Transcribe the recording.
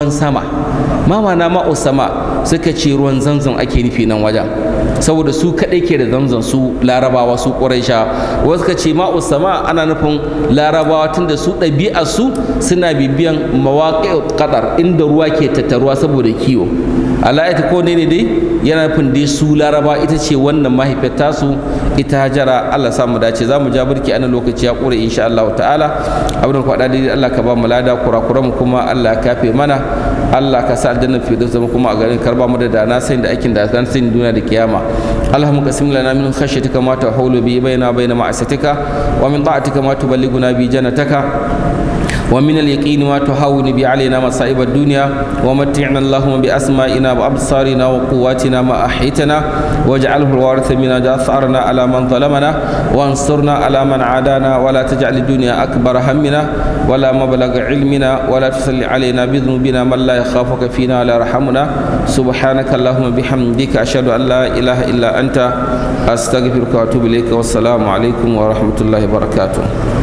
ruwan sama mamana ma usama suka ce ruwan zanzan ake nufi nan wajen saboda su kaɗai ke da zanzan su larabawa su ƙuraisha wasu ka ce ma usama ana nufin larabawa tunda su ɗabi'a su suna bibiyan mawaƙi ƙadar inda ruwa ke tattaruwa saboda kiwo alayata ko ne ne dai yana nufin dai su laraba ita ce wannan mahaifiyar tasu ita hajara Allah samu dace zamu ja burki a lokaci ya kore insha Allah ta'ala abin kwaɗa dai Allah ka ba mu lada kura mu kuma Allah ka kafe mana Allah ka sa aljanna fi zama kuma a garin karba mu da dana sai da aikin da zan sai duniya da kiyama اللهم lana min khashyatika ma ما bi bayna bayna ma'asatika wa min ta'atika ma tuballighuna bi jannataka ومن اليقين ما تهون به علينا مصائب الدنيا ومتعنا اللهم بأسمائنا وأبصارنا وقواتنا ما أحيتنا واجعله الوارث منا جاثرنا على من ظلمنا وانصرنا على من عادانا ولا تجعل الدنيا أكبر همنا ولا مبلغ علمنا ولا تسل علينا بذنوبنا من لا يخافك فينا ولا يرحمنا سبحانك اللهم بحمدك أشهد أن لا إله إلا أنت أستغفرك وأتوب إليك والسلام عليكم ورحمة الله وبركاته